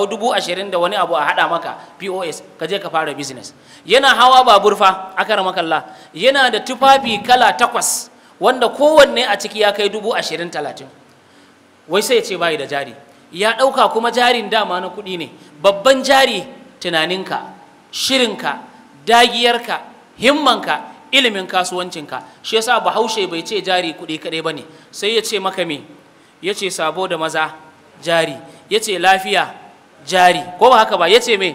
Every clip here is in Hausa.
ko dubu ashirin da wani abu a haɗa maka pos ka je ka fara business yana hawa babur fa akara makalla yana da tufafi kala takwas wanda kowanne a ciki ya kai dubu ashirin talatin wai sai ya ce bayi da jari ya ɗauka kuma jarin dama na kuɗi ne babban jari tunaninka shirinka dagiyarka himmanka ilimin kasuwancinka shi yasa bahaushe bai ce jari kuɗi kaɗai ba ne sai ya ce maka me ya ce sabo da maza jari ya ce lafiya jari ko ba haka ba ya ce me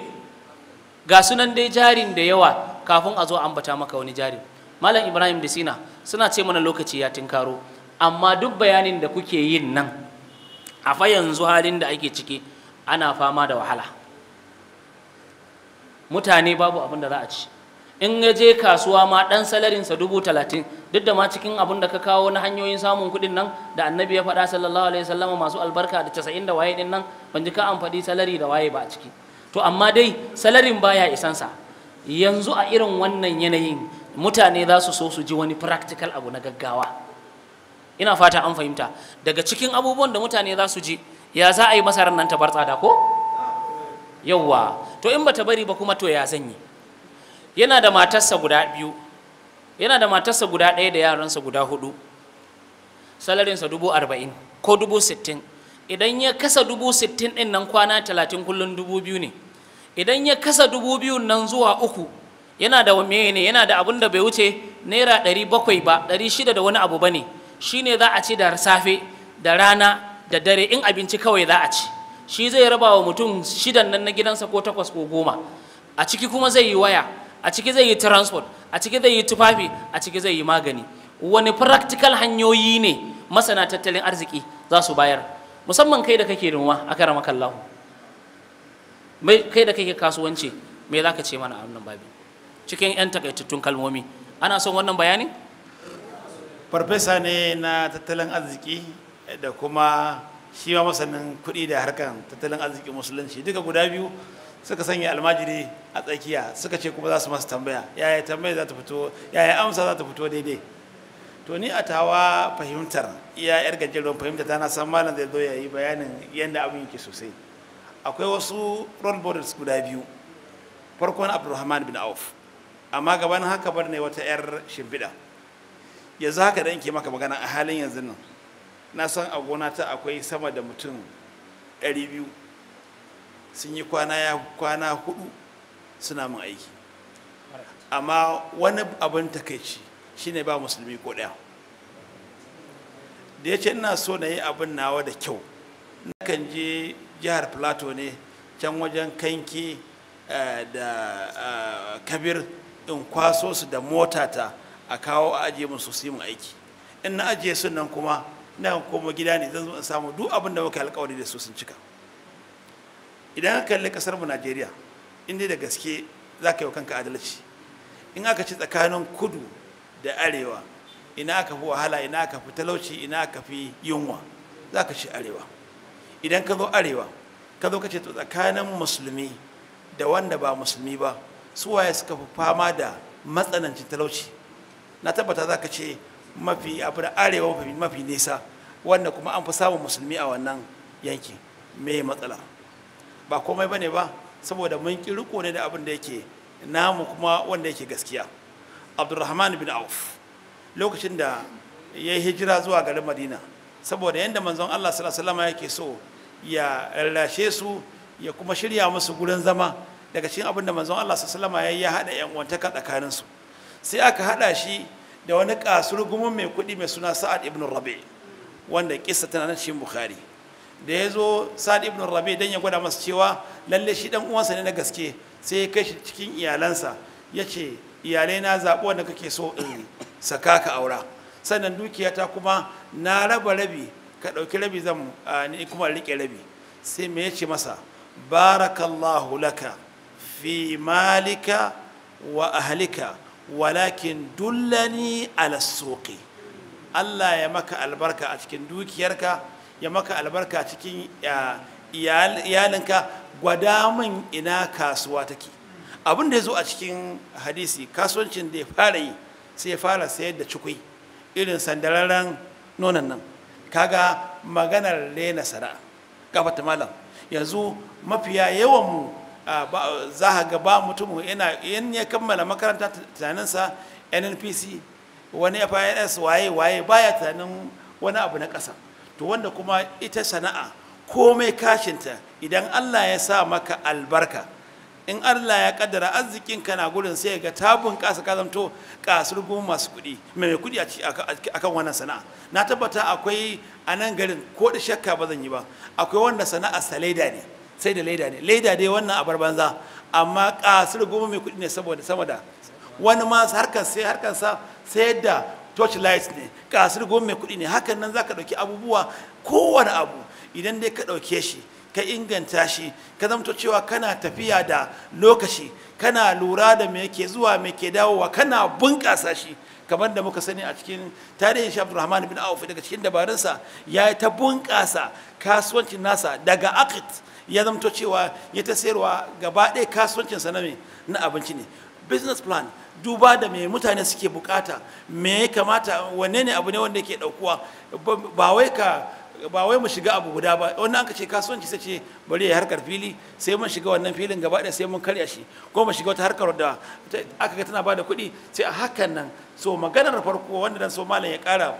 ga sunan dai jarin da yawa kafin a zo ambata maka wani jari malam ibrahim da sina suna ce mana lokaci ya tinkaro amma duk bayanin da kuke yin nan a fa yanzu halin da ake ciki ana fama da wahala mutane babu abin da za a ci in ya je kasuwa ma ɗan salarinsa dubu talatin duk da ma cikin abun da ka kawo na hanyoyin samun kuɗin nan da annabi ya faɗa sallallahu alaihi wasallam masu albarka da casa'in da waye ɗin nan ban ji ka an faɗi salari da waye ba a ciki to amma dai salarin baya isansa yanzu a irin wannan yanayin mutane za su so su ji wani practical abu na gaggawa ina fata an fahimta daga cikin abubuwan da mutane za su ji ya za a yi masarar nan ta bar tsada ko yawwa to in bata bari ba kuma to ya zan yi yana da matarsa guda biyu yana da matarsa guda ɗaya da yaransa guda hudu salarinsa dubu arba'in ko dubu sittin idan ya kasa dubu sittin ɗin nan kwana talatin kullum dubu biyu ne idan ya kasa dubu biyu nan zuwa uku yana da ne yana da abin da bai wuce naira ɗari bakwai ba ɗari shida da wani abu ba ne shi ne za a ci da safe da rana da dare in abinci kawai za a ci shi zai raba wa mutum shidan nan na gidansa ko takwas ko goma a ciki kuma zai yi waya a ciki zai yi transport a ciki zai yi tufafi a ciki zai yi magani wani practical hanyoyi ne masana tattalin arziki za su bayar musamman kai da kake rinwa a karama kallahu kai da kake kasuwanci me za ka ce mana a wannan babi cikin 'yan takaitattun kalmomi ana son wannan bayanin farfesa ne na tattalin arziki da kuma shi ma masanin kuɗi da harkar tattalin arziki musulunci duka guda biyu suka sanya almajiri a tsakiya suka ce kuma za su masa tambaya yaya tambaya za ta fito yaya amsa za ta fito daidai to ni a tawa fahimtar iya yar gajeren fahimta ta na san malam zai zo ya yi bayanin yadda abin yake sosai akwai wasu role models guda biyu farkon abdulrahman bin auf amma gaban haka bar ne wata yar shimfiɗa yanzu haka da ke maka magana a halin yanzu nan na san a gona ta akwai sama da mutum biyu. sun yi kwana ya kwana hudu suna mun aiki amma wani abin takaici shine ba musulmi ko daya da ya ce ina so na yi abin nawa da kyau nakan je jihar plateau ne can wajen kanki eh, da eh, kabir in kwaso su da motata a kawo a ajiye musu su mun aiki in na ajiye su nan kuma na koma gida ne zan samu duk abin da muka alkawari da su sun cika idan aka kalli kasar mu Najeriya in da gaske za ka yi wa kanka adalci in aka ci tsakanin kudu da arewa ina aka fi wahala ina aka fi talauci ina aka fi yunwa za ka ci arewa idan ka zo arewa ka zo ka ce tsakanin musulmi da wanda ba musulmi ba su waye suka fi fama da matsanancin talauci na tabbata za ka ce mafi abu da arewa mafi nisa wanda kuma an fi samun musulmi a wannan yankin me matsala ba komai bane ba saboda mun ki riko ne da abin da yake namu kuma wanda yake gaskiya abdurrahman bin auf lokacin da ya yi hijira zuwa garin madina saboda yadda manzon allah sallallahu yake so ya rarrashe su ya kuma shirya musu gurin zama daga cikin abin da manzon allah sallallahu ya ya haɗa yan uwantaka tsakanin su sai aka haɗa shi da wani kasurgumin mai kuɗi mai suna sa'ad ibn rabi wanda kissa tana nan cikin bukhari da ya zo sa'ad ibn rabi dan ya gwada masa cewa lalle shi dan uwansa ne na gaske sai ya kai shi cikin iyalansa ya ce iyalai na zaɓi wanda kake so in saka ka aura sannan dukiya ta kuma na raba rabi ka ɗauki rabi zan ni kuma riƙe rabi sai me ya ce masa barakallahu laka fi malika wa ahlika walakin dullani ala Allah ya maka albarka a cikin dukiyarka ya maka albarka cikin iyalinka gwada min ina kasuwa take abin da ya zo a cikin hadisi kasuwancin da ya fara yi sai ya fara sayar da cikwai irin sandararren nonon nan kaga maganar rena sana'a gafata malam yanzu mafiya yawan mu za a gaba mutum yana in ya kammala makaranta tunaninsa nnpc wani fis waye waye baya tunanin wani abu na ƙasa to wanda kuma ita sana'a komai kashinta idan Allah ya sa maka albarka in Allah ya kaddara arzikin kana gurin sai ga ta kasa ka zamto gumu masu kuɗi mai kuɗi a kan wannan sana'a na tabbata akwai a nan garin ko da shakka ba zan yi ba akwai wanda sana'a sa laida ne sai da laida ne laida dai wannan abar banza amma gumu mai kuɗi ne saboda sama da wani ma harkar sai harkar sa sai da torch lights ne kasar goma mai kuɗi ne hakan nan zaka ɗauki abubuwa kowane abu idan dai ka ɗauke shi ka inganta shi ka zamto cewa kana tafiya da lokaci kana lura da me ke zuwa me ke dawowa kana bunƙasa shi kamar da muka sani a cikin tarihin shi Abdulrahman bin Auf daga cikin dabarunsa ya yi ta bunƙasa kasuwancin nasa daga akit ya zamto cewa ya ta sayarwa gaba ɗaya kasuwancinsa na na abinci ne business plan duba da me mutane suke bukata me ya kamata wane ne abu ne wanda yake daukuwa ba wai mu shiga abu guda ba wannan ka ce kasuwanci sai ce bari ya harkar fili sai mun shiga wannan filin gaba ɗaya sai mun karya shi ko mu shiga wata harkar da aka ga tana bada kuɗi sai a hakan nan so maganar farko wanda dan so malam ya ƙara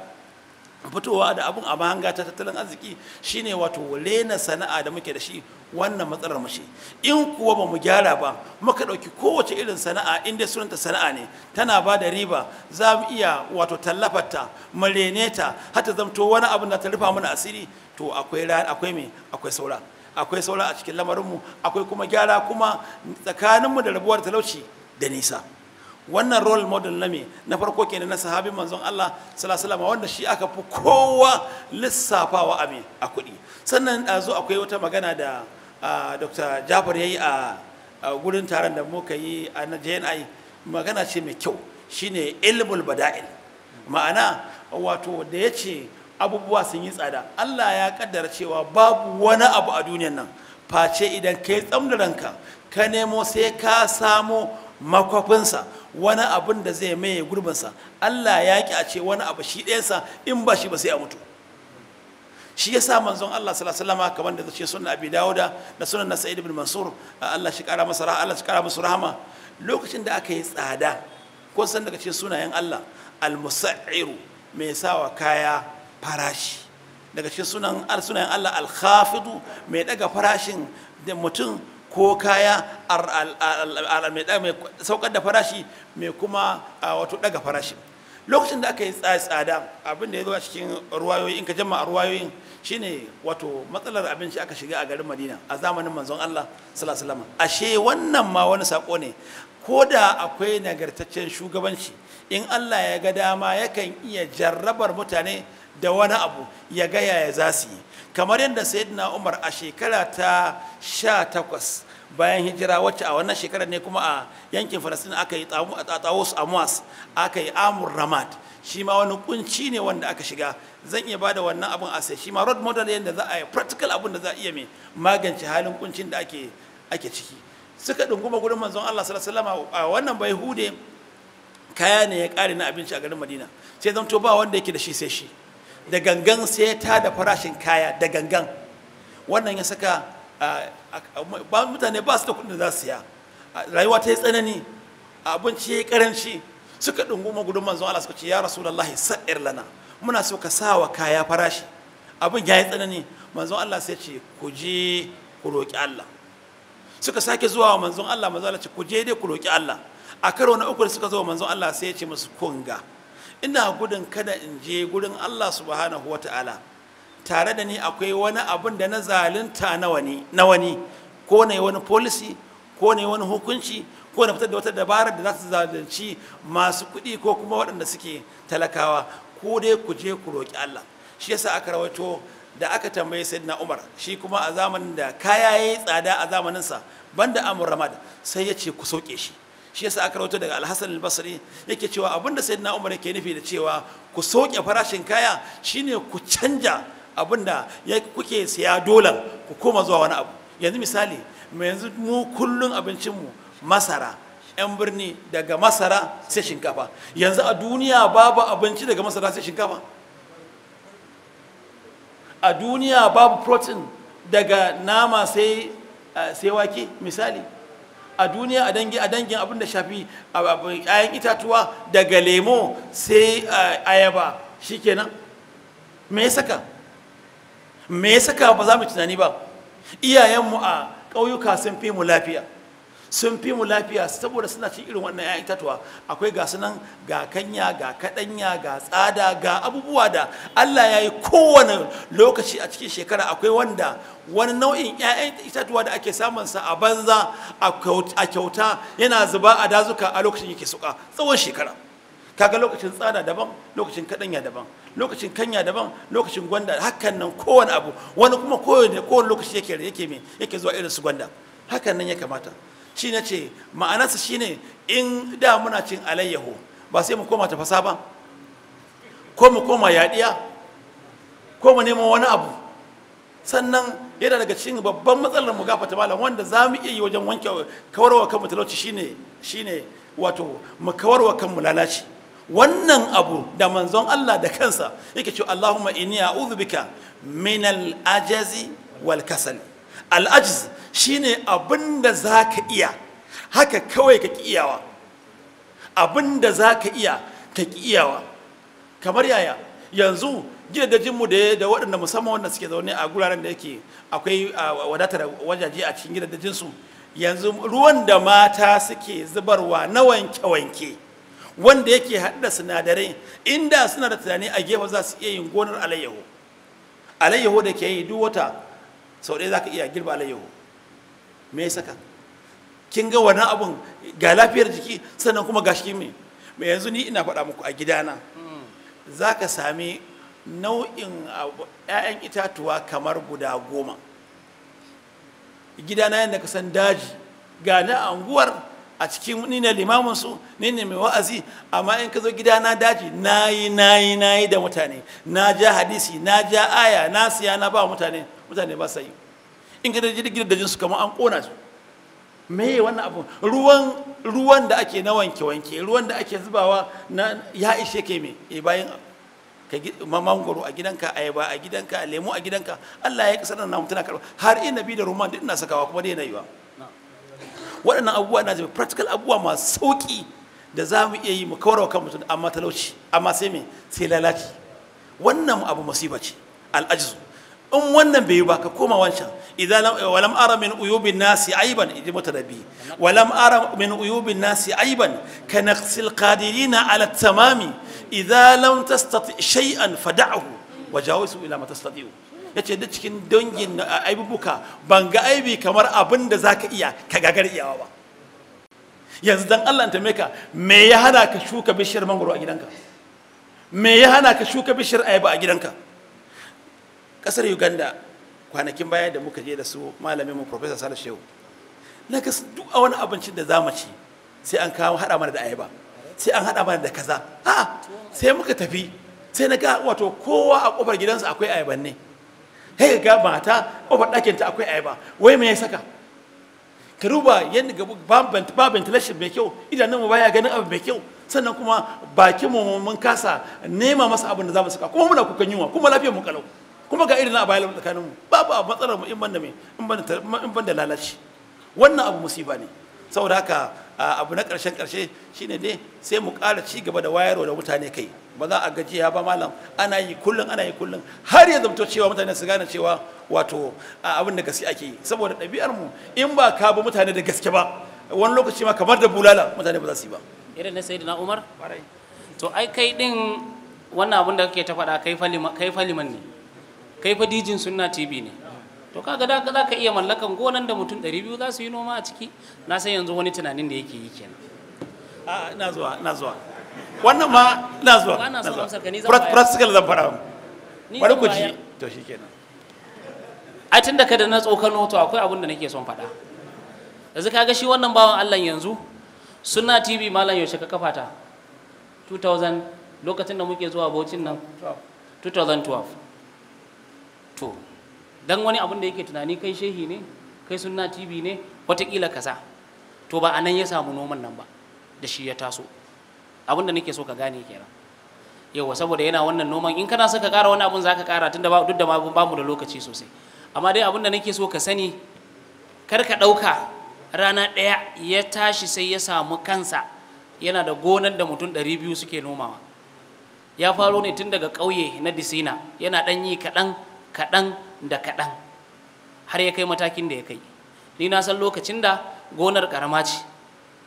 fitowa da abun a hanga ta tattalin arziki shine wato lena sana'a da muke da shi wannan matsalar mu in kuwa ba mu gyara ba muka ɗauki kowace irin sana'a in dai sunanta sana'a ne tana ba da riba za mu iya wato tallafarta mu rene ta har ta zamto wani abin da ta rufa mana asiri to akwai akwai me akwai saura akwai saura a cikin lamarinmu akwai kuma gyara kuma tsakaninmu da rabuwar talauci da nisa wannan role model na me na farko kenan na sahabi manzon Allah sallallahu wanda shi aka fi kowa lissafawa a me a kuɗi sannan a zo akwai wata magana da Dr. Jafar yayi a gurin taron da muka yi a JNI magana ce mai kyau shine ilmul bada'il ma'ana wato da ya ce abubuwa sun yi tsada Allah ya kaddara cewa babu wani abu a duniyar nan face idan kai tsamda ka nemo sai ka samo makwafinsa wani abin da zai maye gurbinsa Allah ya ki a ce wani abu shi ɗayansa in ba shi ba sai a mutu shi ya sa manzon Allah salasalama kamar da zace sunan Abi Dawuda da sunan na Sa'id ibn Mansur Allah shi kara masa rahama Allah shi kara masa rahama lokacin da aka yi tsada ko san daga cikin sunayen Allah al-musa'ir mai sawa kaya farashi daga cikin sunan sunayen Allah al-khafidu mai daga farashin da mutum ko kaya mai saukar da farashi mai kuma wato daga farashi lokacin da aka yi tsada abin da ya zo cikin ruwayoyi in ka jama ruwayoyin shine wato matsalar abinci aka shiga a garin madina a zamanin manzon allah salasalama ashe wannan ma wani sako ne ko da akwai nagartaccen shugabanci in allah ya ga dama yakan iya jarrabar mutane da wani abu ya gaya ya za su yi kamar yadda sayyidina umar a shekara ta sha takwas bayan hijira wacce a wannan shekarar ne kuma a yankin falastin aka yi tsawus amwas aka yi amur ramad shi ma wani kunci ne wanda aka shiga zan iya ba da wannan abin a sai shi ma road model yadda za a yi practical abin da za a iya mai magance halin kuncin da ake ake ciki suka dunguma gurin manzon Allah sallallahu alaihi wasallam a wannan bai hude kaya ne ya kare na abinci a garin Madina sai zan to ba wanda yake da shi sai shi da gangan sai ta da farashin kaya da gangan wannan ya saka ba mutane ba su da kudin da za su ya rayuwa ta yi tsanani abinci ya yi karanci suka ɗunguma gudun manzon Allah suka ce ya rasulullahi sa'ir lana muna so ka sawa kaya farashi abin ya yi tsanani manzon Allah sai ce ku je ku roƙi Allah suka sake zuwa wa manzon Allah manzon Allah ce ku je dai ku roƙi Allah a karo na uku da suka zo manzon Allah sai ya ce musu kunga ina gudun kada in je gurin Allah subhanahu wa ta'ala tare da ni akwai wani abin da na zalunta na wani na wani ko ne wani policy ko ne wani hukunci ko na fitar da wata dabara da za su zalunci masu kuɗi ko kuma waɗanda suke talakawa ko dai ku je ku roƙi Allah shi yasa aka rawaito da aka tambaye sayyidina Umar shi kuma a zamanin da kaya yayi tsada a zamanin sa banda amur ramad sai yace ku sauke shi shi yasa aka rawaito daga alhassan albasri yake cewa abinda sayyidina umar yake nufi da cewa ku soke farashin kaya shine ku canja abinda ya kuke siya dolan ku koma zuwa wani abu yanzu misali mai yanzu mu kullun abincinmu masara 'yan birni daga masara sai shinkafa yanzu a duniya babu abinci daga masara sai shinkafa a duniya babu protein daga nama sai eh, wake misali a duniya a dangi a dangin abin da shafi a ayan itatuwa daga lemo sai ayaba shikenan me ya saka me ya saka ba za mu tunani ba iyayenmu a ƙauyuka sun fi mu lafiya sun fi mu lafiya saboda suna cin irin wannan 'ya'yan itatuwa akwai ga sunan ga kanya ga kadanya ga tsada ga abubuwa da Allah ya yi kowane lokaci a cikin shekara akwai wanda wani nau'in 'ya'yan itatuwa da ake samun sa a banza a kyauta yana zuba a dazuka a lokacin yake suka tsawon shekara kaga lokacin tsada daban lokacin kadanya daban lokacin kanya daban lokacin gwanda hakan nan kowane abu wani kuma kowane kowane lokaci yake yake yake zuwa irin su gwanda hakan nan ya kamata shi ne ce ma'anarsa shi ne in da muna cin alayyahu ba sai mu koma tafasa ba ko mu koma yaɗiya ko mu neman wani abu sannan yana daga cikin babban matsalar mu gafata malam wanda za mu iya yi wajen wanke kawarwa kanmu talauci shi ne wato mu kawarwa kanmu lalaci wannan abu da manzon Allah da kansa yake ce Allahumma inni a'udhu bika min al-ajazi wal kasali al'ajiz shine abin da za ka iya haka kawai ka iyawa abin da za ka iya ka iyawa kamar yaya yanzu gidajenmu da da waɗanda musamman wanda suke zaune a guraren da yake akwai wadatar wajaje a cikin gidajensu yanzu ruwan da mata suke zubarwa na wanke-wanke wanda yake haɗu da sinadarai inda suna da tunani a gefe za su iya yin gonar alayyahu alayyahu da ke yi duk wata sau ɗaya za ka iya girba alayyahu me ya saka kin ga wannan abun ga lafiyar jiki sannan kuma ga shi me mai yanzu ni ina faɗa muku a gidana za ka sami nau'in 'ya'yan itatuwa kamar guda goma gidana yadda ka san daji ga na anguwar a cikin ni ne su ni ne mai wa'azi amma in ka zo gidana daji na yi na yi na yi da mutane na ja hadisi na ja aya na siya na ba mutane mutane ba sa yi in ka daji gidajen su kamar an kona su meye wannan abu ruwan ruwan da ake na wanke wanke ruwan da ake zubawa na ya ishe kai me eh bayan ka mangoro a gidanka ayaba a gidanka lemo a gidanka Allah ya kasar na mutuna karba har ina bi da ruman duk ina sakawa kuma dai yana yiwa waɗannan abubuwa na jami practical abubuwa masu sauƙi da za mu iya yi mu kawar wa kan amma talauci amma sai me sai lalaci wannan abu musiba ce al'ajizu in wannan bai yi ba ka koma wancan idan eh, walam ara min uyubin nasi aiban walam ara min uyubin nasi aiban ka naqsil qadirina ala tamami idan lam tastati shay'an fad'ahu ila ma tastati'u yace cikin dangin eh, aibubuka ban ga aibi kamar abin da zaka iya ka gagar iyawa ba yanzu dan Allah ta meka me ya hana ka shuka bishiyar mangoro a gidanka me ya hana ka shuka bishiyar ayaba a gidanka kasar uganda kwanakin baya da muka je da su malamin mu professor sale shehu na ga duk a wani abincin da za mu ci sai an kawo haɗa mana da ayaba sai an haɗa mana da kaza a sai muka tafi sai na ga wato kowa a kofar gidansa akwai ayaban ne sai ga mata kofar ɗakinta akwai ayaba wai me ya saka ka duba yadda ba ventilation mai kyau idanun mu baya ganin abu mai kyau sannan kuma bakin mu mun kasa nema masa abin da za mu saka kuma muna kukan yunwa kuma lafiyar mu kalau kuma ga irin na bayan tsakaninmu babu a matsalar mu in ban da lalace lalaci wannan abu musiba ne saboda haka abu na ƙarshen ƙarshe shine dai sai mu ƙara ci gaba da wayarwa da mutane kai ba za a gajiya ba malam ana yi kullum ana yi kullum har ya zamto cewa mutane su gane cewa wato abin da gaske ake yi saboda ɗabi'ar mu in ba ka bi mutane da gaske ba wani lokaci ma kamar da bulala mutane ba za su yi ba irin na sayyidina umar to ai kai din wannan abin da kake ta faɗa kai faliman ne kai fa dijin sunna tv ne to kaga da za ka iya mallakan gonan da mutum 200 za su yi noma a ciki na san yanzu wani tunanin da yake yi kenan a ina zuwa ina zuwa wannan ma ina zuwa na son zan practical zan fara bari ku ji to shikenan ai tun da ka da na tsokano to akwai abin da nake son faɗa yanzu kaga shi wannan bawan Allah yanzu sunna tv malam yaushe ka kafa ta 2000 lokacin da muke zuwa bocin nan 2012 to dan wani abun da yake tunani kai shehi ne kai sunna tv ne watakila kaza to ba anan ya samu noman nan ba da shi ya taso abin da nake so ka gane kenan yawa saboda yana wannan noman in kana so ka kara wani abin za kara tunda duk da ba mu da lokaci sosai amma dai abin da nake so ka sani kar ka ɗauka rana ɗaya ya tashi sai ya samu kansa yana da gonar da mutum ɗari biyu suke nomawa ya faro ne tun daga ƙauye na disina yana ɗan yi kaɗan kaɗan da kaɗan har ya kai matakin da ya kai ni na san lokacin da gonar ƙarama ce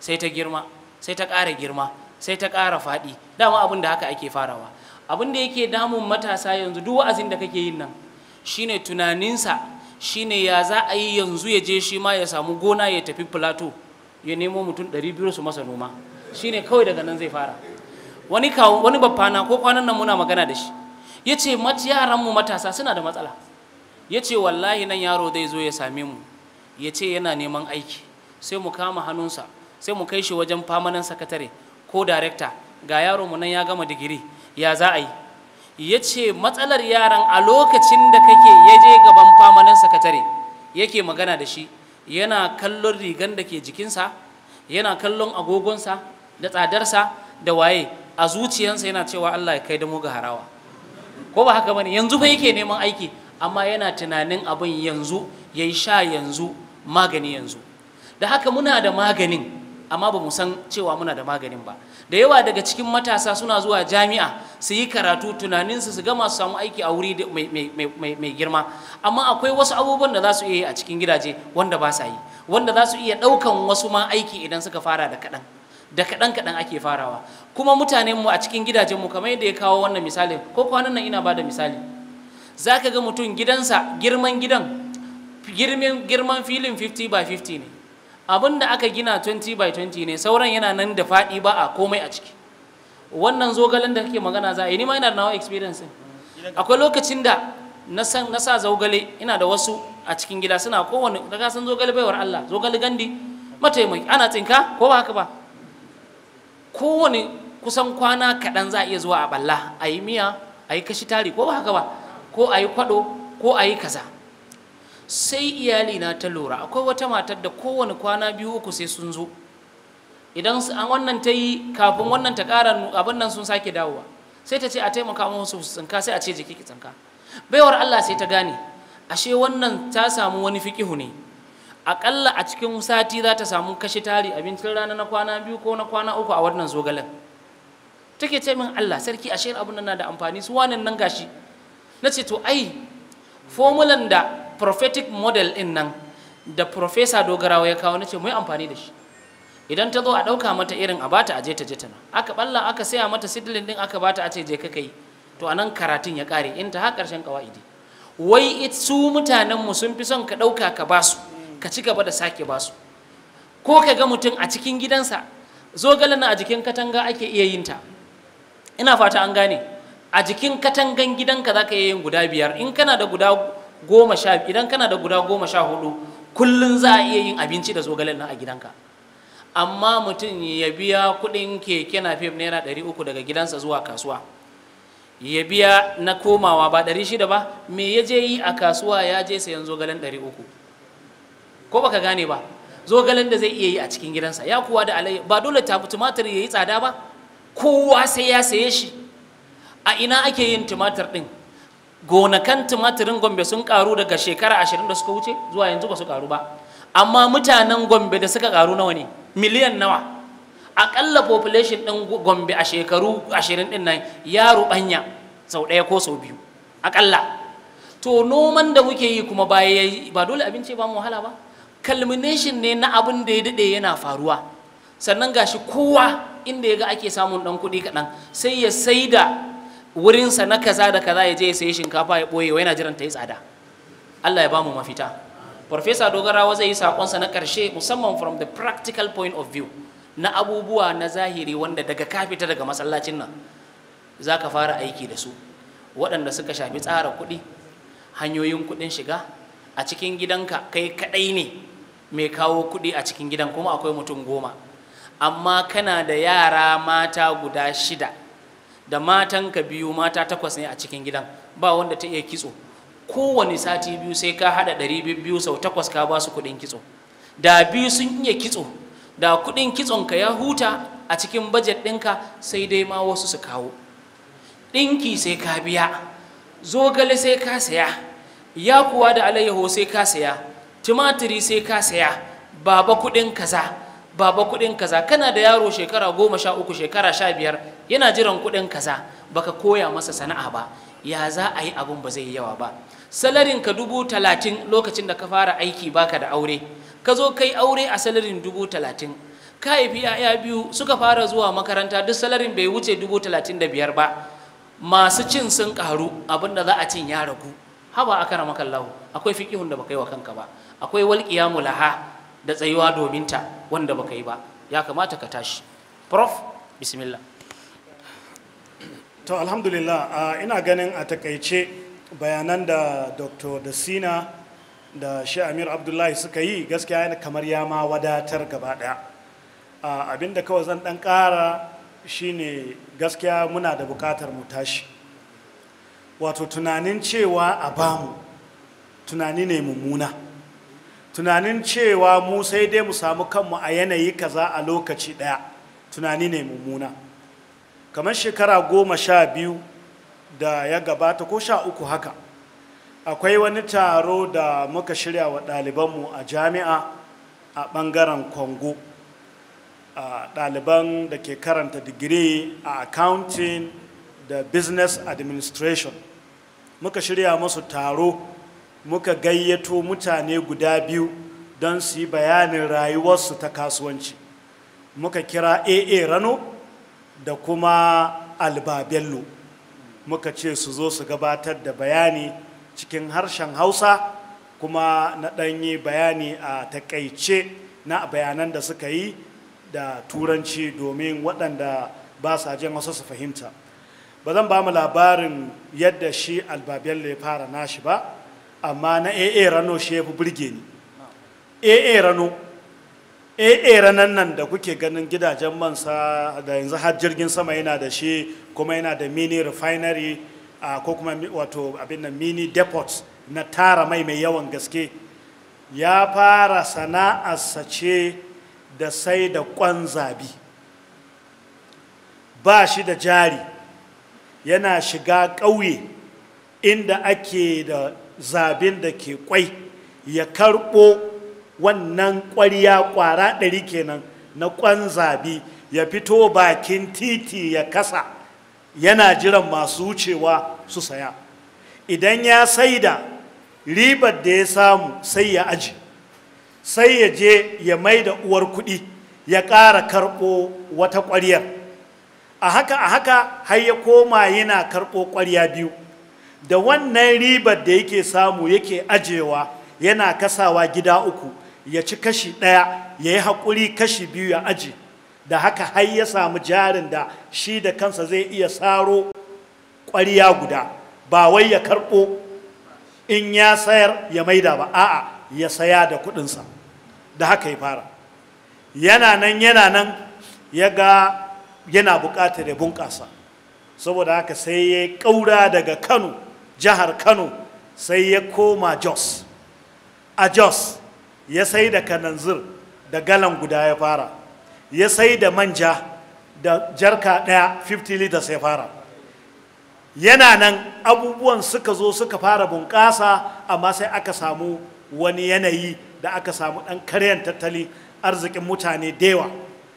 sai ta girma sai ta ƙara girma sai ta ƙara faɗi dama abin da haka ake farawa abin da yake damun matasa yanzu duk wa'azin da kake yin nan shine tunaninsa shine ya za a yi yanzu ya je shi ma ya samu gona ya tafi plateau ya nemo mutum ɗari biyu su masa noma shine kawai daga nan zai fara wani kawo wani ko kwanan nan muna magana da shi ya ce yaranmu matasa suna da matsala ya ce wallahi nan yaro zai zo ya same mu ya ce yana neman aiki sai mu kama hannunsa sai mu kai shi wajen famanan sakatare ko darekta ga yaro mu nan ya gama digiri ya za a yi ya ce matsalar yaran a lokacin da kake ya je gaban famanan sakatare yake magana da shi yana kallon rigan da ke jikinsa yana kallon agogonsa da tsadarsa da waye a zuciyarsa yana cewa allah ya kai da mu ga harawa ko ba haka bane yanzu fa yake neman aiki amma yana tunanin abin yanzu yayi sha yanzu magani yanzu da haka muna da maganin amma ba mu san cewa muna da maganin ba da yawa daga cikin matasa suna zuwa jami'a su yi karatu tunanin su gama su samu aiki a wuri mai girma amma akwai wasu abubuwan da za su iya yi a cikin gidaje wanda ba sa yi wanda za su iya ɗaukan wasu ma aiki idan suka fara da kaɗan da kaɗan kaɗan ake farawa kuma mutanen mutanenmu a cikin gidajen gidajenmu kamar yadda ya kawo wannan misali ko kwanan nan ina bada misali za ka ga mutum gidansa girman gidan girman filin 50 by 50 ne abin da aka gina 20 by 20 ne sauran yana nan da faɗi ba a komai a ciki wannan zogalen da kake magana za a yi ni ma ina da nawa experience akwai lokacin da na sa zogale ina da wasu a cikin gida suna kowane daga san zogale baiwar Allah zogale gandi mataimaki ana tsinka ko ba haka ba kowane kusan kwana kaɗan za a iya zuwa a balla a yi miya a yi kashi tari ko ba haka ba ko a yi kwaɗo ko a yi kaza sai iyali na ta lura akwai wata matar da kowane kwana biyu uku sai sun zo idan wannan ta yi kafin wannan ta ƙara abin nan sun sake dawowa sai ta ce a taimaka mu su tsinka sai a ce jiki ki tsinka baiwar Allah sai ta gane ashe wannan ta samu wani fikihu ne aƙalla a cikin sati za ta samu kashe tari abincin rana na kwana biyu ko na kwana uku a wannan zogalen take ce min Allah sarki ashe abun nan na da amfani su wannan nan gashi nace to ai formulan da prophetic model din nan da professor dogarawa ya kawo nace mu yi amfani da shi idan ta zo a ɗauka mata irin a bata a je ta je ta aka balla aka saya mata sidlin din aka bata a ce je ka kai to anan karatun ya kare in ta har karshen kawaidi wai it su mu sun fi son ka ɗauka ka basu ka ci gaba da sake basu ko ka ga mutum a cikin gidansa zogale na a jikin katanga ake iya yin ta ina fata an gane a jikin katangan gidanka za ka iya yin guda biyar in kana da guda goma sha idan kana da guda goma sha hudu kullum za a iya yin abinci da zogalen na a gidanka amma mutum ya biya kuɗin keke na fim naira ɗari uku daga gidansa zuwa kasuwa ya biya na komawa ba ɗari shida ba me ya je yi a kasuwa ya je sayan zogalen ɗari uku ko baka gane ba zogalen da zai iya yi a cikin gidansa ya kuwa da alayya ba dole tumatir ya yi tsada ba kowa sai ya saye shi a ina ake yin tumatir din gonakan tumatirin gombe sun karu daga shekara ashirin da suka wuce zuwa yanzu ba su karu ba amma mutanen gombe da suka karu nawa ne miliyan nawa aƙalla population ɗin gombe a shekaru ashirin ɗin nan ya ruɓanya sau ɗaya ko sau biyu aƙalla to noman da muke yi kuma ba dole abinci ba mu wahala ba culmination ne na abin da ya daɗe yana faruwa sannan gashi kowa inda ya ga ake samun ɗan kuɗi kaɗan sai ya sai da wurinsa na kaza da kaza ya je ya sayi shinkafa ya boye wa yana jiran ta yi tsada Allah ya bamu mu mafita Farfesa Dogarawa zai yi saƙonsa na ƙarshe musamman from the practical point of view na abubuwa na zahiri wanda daga ka fita daga masallacin nan za ka fara aiki da su waɗanda suka shafi tsara kuɗi hanyoyin kuɗin shiga a cikin gidanka kai kaɗai ne mai kawo kuɗi a cikin gidan kuma akwai mutum goma amma kana da yara mata guda shida da matanka biyu mata takwas ne a cikin gidan ba wanda ta iya kitso kowane sati biyu sai ka haɗa ɗari biyu sau takwas ka basu su kuɗin kitso da biyu sun iya kitso da kuɗin kitson ka ya huta a cikin bajet ɗinka sai dai ma wasu su kawo ɗinki sai ka biya zogale sai ka saya ya kuwa da alayyaho sai ka saya tumatiri sai ka saya baba kuɗin kaza baba kuɗin kaza kana da yaro shekara goma sha uku shekara sha biyar yana jiran kuɗin kaza baka koya masa sana'a ba ya za a yi abun ba zai yi yawa ba salarin ka dubu talatin lokacin da ka fara aiki baka da aure ka zo kai aure a salarin dubu talatin ka haifi ya'ya biyu suka fara zuwa makaranta duk salarin bai wuce dubu talatin da biyar ba masu cin sun karu abin da za a cin ya ragu haba kara makallahu akwai fiƙihun da baka yi wa kanka ba akwai wal qiyamu laha da tsayuwa domin ta wanda baka yi ba ya kamata ka tashi prof bismillah to alhamdulillah ina ganin a takaice bayanan da dr dasina da shi amir abdullahi suka yi gaskiya yana kamar ya ma wadatar gaba daya abinda kawai zan dan kara shine gaskiya muna da bukatar mu tashi wato tunanin cewa a bamu tunani ne mummuna tunanin cewa mu sai dai mu samu kanmu a yanayi kaza a lokaci ɗaya tunani ne mummuna kamar shekara goma sha biyu da ya gabata ko sha uku haka akwai wani taro da muka shirya wa ɗalibanmu a jami'a a ɓangaren a ɗaliban da ke karanta digiri a accounting da business administration muka shirya masu taro muka gayyato mutane guda biyu don su yi bayanin rayuwarsu ta kasuwanci muka kira aa rano da kuma albabello muka ce su zo su gabatar da bayani cikin harshen hausa kuma na ɗanyi bayani a takaice na bayanan da suka yi da turanci domin waɗanda ba sa jin wasu su fahimta ba zan ba mu labarin yadda shi albabello ya fara nashi ba amma na AA rano shi ya fi burge ni AA rano AA ranan nan da kuke ganin gidajen mansa da yanzu har jirgin sama yana da shi kuma yana da mini refinery ko kuma wato abin da mini depot na tara mai mai yawan gaske ya fara sana'arsa ce da sai da kwan zabi ba shi da jari yana shiga ƙauye inda ake da zabin da ke kwai ya karɓo wannan ƙwariya ƙwara ɗari kenan na ƙwan zabi ya fito bakin titi ya kasa yana jiran masu wucewa su saya idan ya saida ribar da ya samu sai ya aji sai ya je ya mai da uwar kuɗi ya ƙara karɓo wata ƙwariyar a haka a haka har ya koma yana karɓo ƙwariya biyu da wannan ribar da yake samu yake ajewa yana kasawa gida uku ya ci kashi ɗaya ya yi haƙuri kashi biyu ya aje da haka har ya samu jarin da shi da kansa zai iya saro ƙwariya guda ba wai ya karɓo in ya sayar ya maida ba a'a ya saya da kuɗinsa da haka ya fara yana nan yana nan ya ga yana buƙatar ya bunƙasa saboda haka sai ya yi ƙaura daga kano jihar kano sai ya koma jos a jos ya sai da kananzir da galan guda ya fara ya sai da manja da jarka daya 50 liters ya fara yana nan abubuwan suka zo suka fara bunƙasa amma sai aka samu wani yanayi da aka samu ɗan karyan tattali arzikin mutane dewa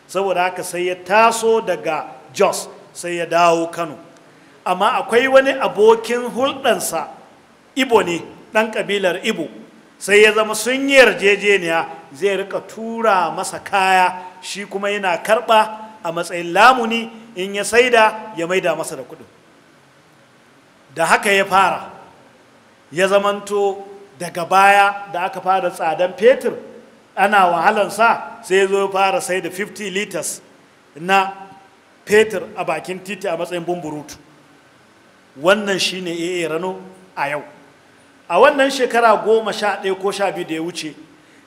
saboda aka sai ya taso daga jos sai ya dawo kano amma akwai wani abokin hulɗansa ibo ne ɗan ƙabilar ibo sai ya zama sun yi yarjejeniya zai rika tura masa kaya shi kuma yana karɓa a matsayin lamuni in ya saida ya maida masa da kuɗin da haka ya fara ya zamanto daga baya da aka fara tsadan fetur ana wahalansa sai zo fara sai da 50 liters na fetur a bakin titi a matsayin bumburutu wannan shi shine AA Rano a yau a wannan shekara goma sha ɗaya ko sha biyu da ya wuce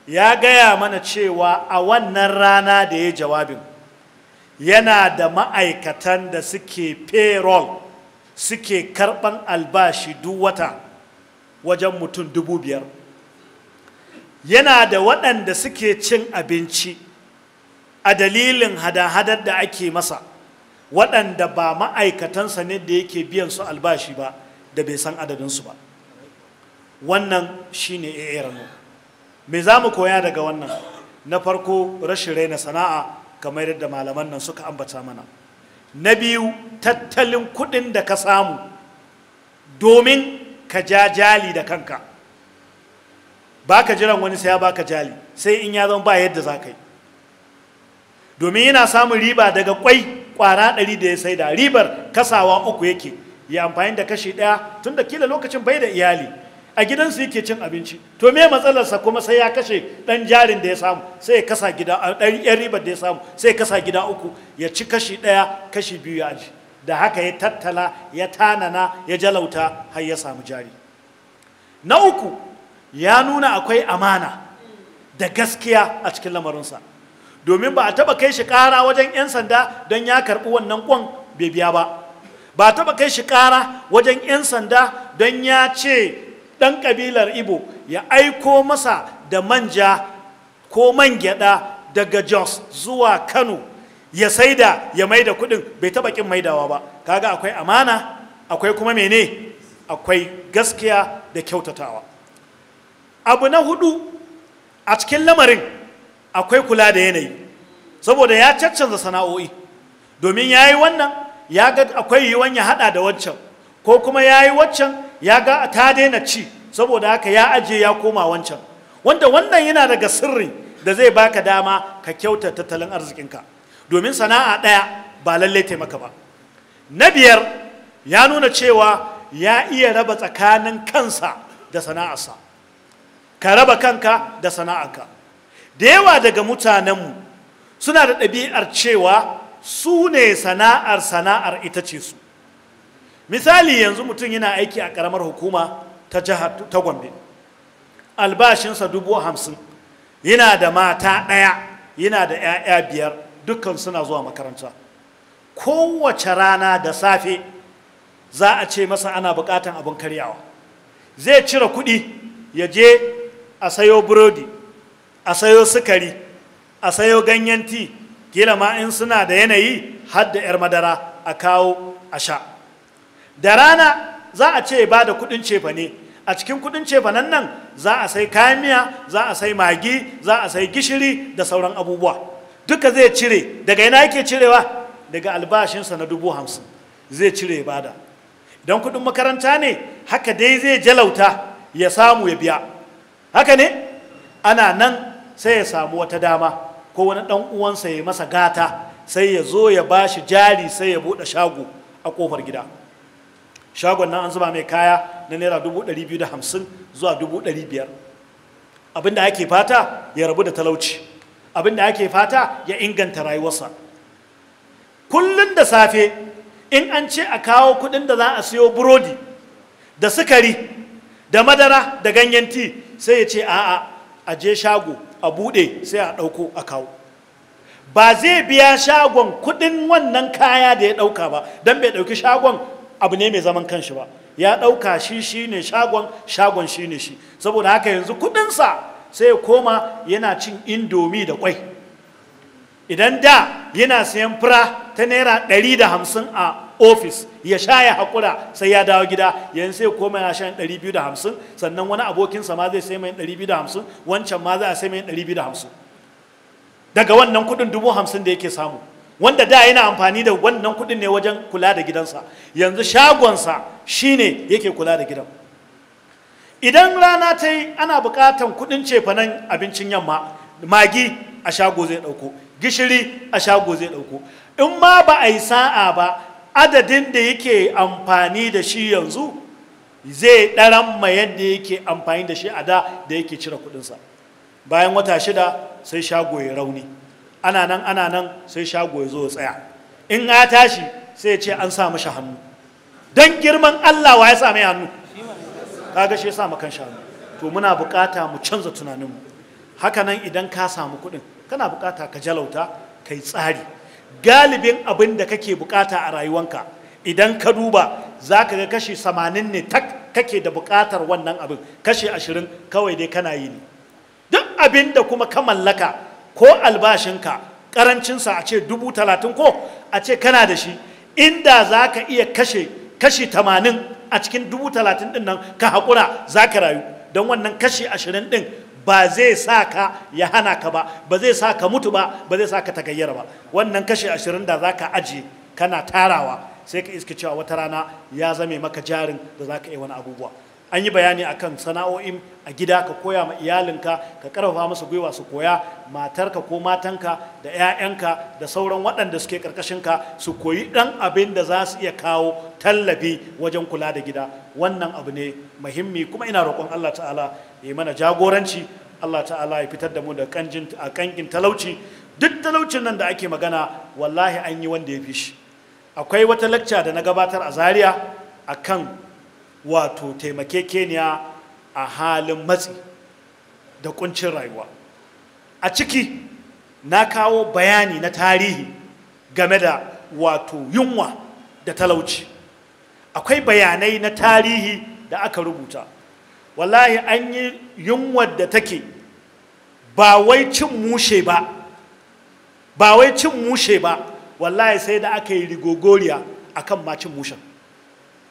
ya gaya mana cewa a wannan rana da ya jawabin yana da ma'aikatan da suke payroll suke karɓan albashi duk wata wajen mutum dubu biyar yana da waɗanda suke cin abinci a dalilin hada-hadar da ake masa waɗanda ba ma'aikatansa ne da yake biyan su albashi ba da bai san su ba wannan shine irano me za mu koya daga wannan na farko rashin raina sana'a kamar yadda malaman nan suka ambata mana na biyu tattalin kuɗin da ka samu domin ka ja jali da kanka ba ka jiran wani sai ya ba ka jali sai in ya zama ba yadda za ka yi domin yana samun riba daga kwai kwara ɗari da ya sai da ribar kasawa uku yake ya amfani da kashi ɗaya tun da kila lokacin bai da iyali a gidansu yake cin abinci to me matsalarsa kuma sai ya kashe ɗan jarin da ya samu sai ya kasa gida ɗan yan ribar da ya samu sai ya kasa gida uku ya ci kashi ɗaya kashi biyu ya aji da haka ya tattala ya tanana ya jalauta har ya samu jari na uku ya nuna akwai amana da gaskiya a cikin lamarinsa domin ba a taba kai shi kara wajen 'yan sanda don ya karɓi wannan kwan bai biya ba ba a taba kai shi kara wajen 'yan sanda don ya ce ɗan kabilar ibo ya aiko masa da manja ko man gyaɗa daga jos zuwa kano ya saida ya mai da kuɗin bai taba ƙin maidawa ba kaga akwai amana akwai kuma mene akwai gaskiya da kyautatawa abu na hudu a cikin lamarin akwai kula da yanayi saboda ya caccanza sana'o'i domin ya yi wannan ya ga akwai yiwuwan ya haɗa da wancan ko kuma ya yi waccan ya ga ta daina ci saboda haka ya ajiye ya koma wancan wanda wannan yana daga sirri da zai baka dama ka kyauta tattalin arzikinka domin sana'a ɗaya ba lallai taimaka ba na biyar ya nuna cewa ya iya raba tsakanin kansa da sana'arsa ka raba kanka da sana'arka da yawa daga mutanenmu suna da ɗabi'ar cewa su ne sana'ar sana'ar ita ce su misali yanzu mutum yana aiki a ƙaramar hukuma ta jihar ta gombe albashinsa dubu hamsin yana da mata ɗaya yana da 'ya'ya biyar dukkan suna zuwa makaranta kowace rana da safe za a ce masa ana buƙatan abin karyawa zai cire kuɗi ya je a sayo burodi a sayo sukari a sayo ganyen ti kila ma in suna da yanayi har da 'yar madara a kawo a sha da rana za a ce ba da kudin ne, a cikin kudin cefanen nan za a sai kayan miya za a sai magi za a sai gishiri da sauran abubuwa duka zai cire daga yana yake cirewa daga albashinsa na dubu hamsin zai cire bada Idan kudin makaranta ne haka dai zai jalauta ya samu ya biya haka ne ana nan sai ya samu wata dama ko wani ɗan uwansa ya masa gata sai ya zo ya ba shi jari sai ya buɗe shago a ƙofar gida shagon nan an zuba mai kaya na naira dubu ɗari biyu zuwa dubu ɗari abinda ake fata ya rabu da talauci abinda ake fata ya inganta rayuwarsa kullum da safe in an ce a kawo kuɗin da za a siyo burodi da sukari da madara da ganyen ti sai ya ce a'a a je shago a buɗe sai a ɗauko a kawo ba zai biya shagon kuɗin wannan kaya da ya ɗauka ba don bai ɗauki shagon abu ne mai zaman kanshi ba ya ɗauka shi shi ne shagon shagon shi ne shi saboda haka yanzu kuɗinsa sai ya koma yana cin indomi da kwai idan da yana siyan fura ta naira ɗari da hamsin a ofis ya sha ya haƙura sai ya dawo gida yanzu sai koma ya shan 250 sannan wani abokinsa ma zai sai mai 250 wancan ma za a sai mai 250 daga wannan kudin 50,000 da yake samu wanda da yana amfani da wannan kudin ne wajen kula da gidansa yanzu shagonsa shine yake kula da gidan idan rana ta yi ana buƙatan kudin cefanen abincin yamma magi a shago zai ɗauko gishiri a shago zai ɗauko in ma ba a yi sa'a ba adadin da yake amfani da shi yanzu zai ɗaran ma yadda yake amfani da shi a da da yake cire kuɗinsa bayan wata shida sai shago ya rauni ana nan ana nan sai shago ya zo tsaya in ya tashi sai ya ce an sa mashi hannu don girman Allah wa ya sami mai hannu ga shi ya sa kan hannu to muna bukata mu canza tunaninmu haka nan idan ka samu kuɗin kana bukata ka jalauta kai tsari galibin abin da kake bukata a rayuwanka idan ka duba za ka ga kashi 80 ne tak kake da bukatar wannan abin kashi 20 kawai dai kana yi ne duk abin da kuma ka mallaka ko albashinka karancinsa a ce dubu talatin ko a ce kana da shi inda za ka iya kashe kashi 80 a cikin dubu talatin din nan ka haƙura za ka rayu don wannan kashi 20 din ba zai sa ka ya hana ka ba ba zai sa ka mutu ba ba zai sa ka tagayyara ba wannan kashe ashirin da za ka aje kana tarawa sai ka iska cewa wata rana ya zame maka jarin da za ka yi wani abubuwa an yi bayani akan sana'o'in a gida ka koya ma iyalinka ka karfafa masa gwiwa su koya matarka ko matanka da 'ya'yanka da sauran waɗanda suke ka su koyi ɗan abin da za su iya kawo tallafi wajen kula da gida wannan abu ne muhimmi kuma ina roƙon allah ta'ala ya mana jagoranci allah ta'ala ya fitar da mu da kankin talauci duk talaucin nan da ake magana wallahi an yi wanda ya fi shi akwai wata lacca da na gabatar a zaria akan wato taimakekeniya a halin matsi da kuncin rayuwa a ciki na kawo bayani na tarihi game da wato yunwa da talauci akwai bayanai na tarihi da aka rubuta wallahi an yi yunwar da take ba wai cin mushe ba ba wai cin mushe ba wallahi sai da aka yi rigogoriya akan ma cin mushen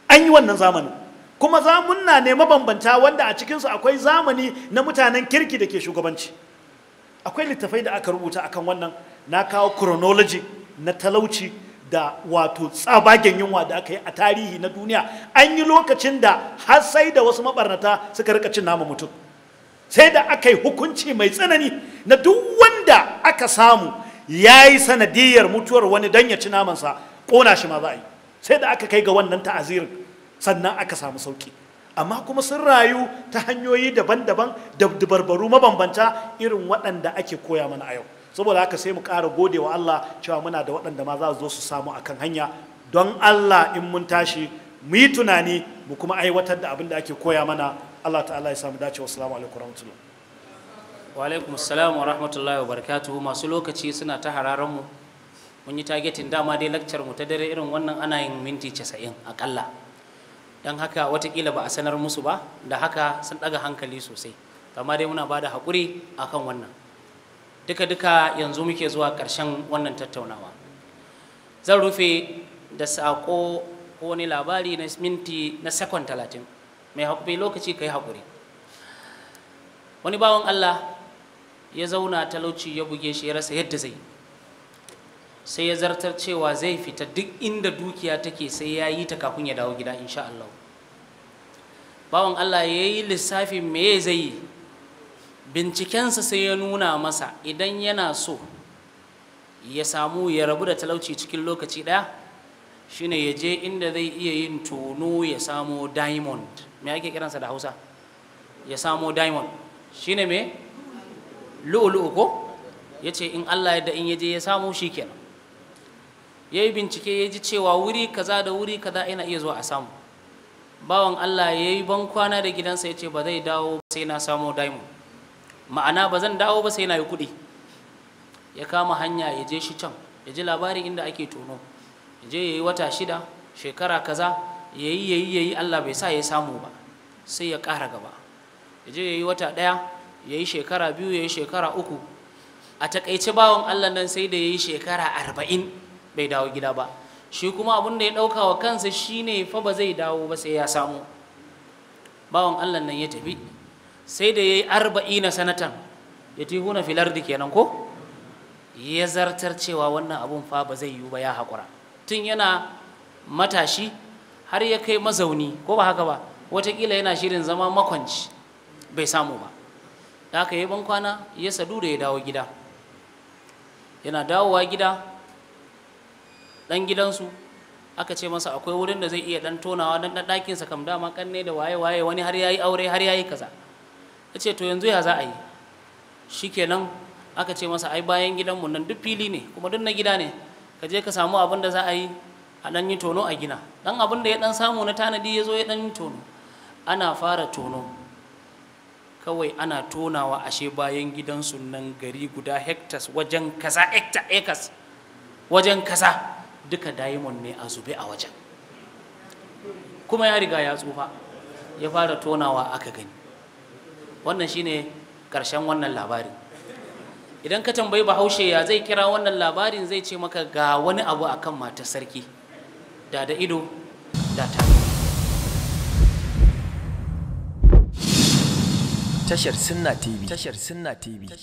an yi wannan zamanin kuma za na nema bambanta wanda a cikinsu akwai zamani na mutanen kirki da ke shugabanci akwai littafai da aka rubuta akan wannan na kawo chronology na talauci da wato tsabagen yunwa da aka yi a tarihi na duniya an yi lokacin da har sai da wasu mabarnata suka rika cin nama mutum sai da aka yi hukunci mai tsanani na duk wanda aka samu ya yi sanadiyar mutuwar wani don ya ci namansa ƙona shi ma za a yi sai da aka kai ga wannan ta'azirin sannan aka samu sauki amma kuma sun rayu ta hanyoyi daban-daban da dabarbaru mabambanta irin waɗanda ake koya mana a yau saboda haka sai mu ƙara gode wa Allah cewa muna da waɗanda ma za su zo su samu akan hanya don Allah in mun tashi mu yi tunani mu kuma aiwatar da abin da ake koya mana Allah ta'ala ya samu dacewa assalamu alaikum warahmatullahi wa'alaikum salam wa rahmatullahi wa barakatuhu masu lokaci suna ta hararan mu mun yi targetin dama dai lakcar mu ta dare irin wannan ana yin minti 90 akalla don haka watakila ba a sanar musu ba da haka sun daga hankali sosai amma dai muna ba da haƙuri a kan wannan duka-duka yanzu muke zuwa ƙarshen wannan tattaunawa zan rufe da saƙo ko wani labari na minti na sakon talatin mai haƙuri lokaci ka yi haƙuri wani bawan allah ya zauna talauci ya buge shi ya rasa yadda zai yi sai ya zartar cewa zai fita duk inda dukiya take sai ya yi ta kafin ya dawo gida insha Allah bawan Allah ya yi lissafin me zai yi bincikensa sai ya nuna masa idan yana so ya samu ya rabu da talauci cikin lokaci ɗaya shine ya je inda zai iya yin tono ya samo diamond me ake kiransa da hausa ya samo diamond shine me lu'ulu'u ko ya ce in Allah da in ya je ya samu shi kenan ya yi bincike ya ji cewa wuri kaza da wuri kaza yana iya zuwa a samu bawan Allah ya yi ban kwana da gidansa ya ce ba zai dawo ba sai na samo daimu ma'ana ba zan dawo ba sai na yi kuɗi ya kama hanya ya je shi can ya ji labari inda ake tono ya je ya yi wata shida shekara kaza ya yi ya yi ya yi Allah bai sa ya samu ba sai ya ƙara gaba ya je ya yi wata ɗaya ya yi shekara biyu ya yi shekara uku a taƙaice bawan Allah nan sai da ya yi shekara arba'in bai dawo gida ba shi kuma abin da ya ɗauka wa kansa shi ne fa ba zai dawo ba sai ya samu bawan allah nan ya tafi sai da ya yi arba'i na sanatan ya tihu na filar da kenan ko ya zartar cewa wannan abun fa ba zai yiwu ba ya haƙura tun yana matashi har ya kai mazauni ko ba haka ba watakila yana shirin zama makwanci bai samu ba da aka yi bankwana ya sadu da ya dawo gida yana dawowa gida dan gidansu aka ce masa akwai wurin da zai iya dan tonawa dan ɗakinsa kam dama kanne da waye waye wani har yayi aure har yayi kaza ya ce to yanzu ya za a yi kenan aka ce masa ai bayan gidanmu nan duk fili ne kuma duk na gida ne ka je ka samu abin da za a yi a dan yi tono a gina dan abin da ya dan samu na tanadi ya zo ya dan yi tono ana fara tono kawai ana tonawa ashe bayan gidansu nan gari guda hectares wajen kaza hectares wajen kaza duka diamond ne a zube a wajen kuma ya riga ya tsufa ya fara tonawa aka gani wannan shine karshen wannan labarin idan ka tambayi bahaushe ya zai kira wannan labarin zai ce maka ga wani abu akan matar sarki da da ido da ta tashar sunna tv tashar sunna tv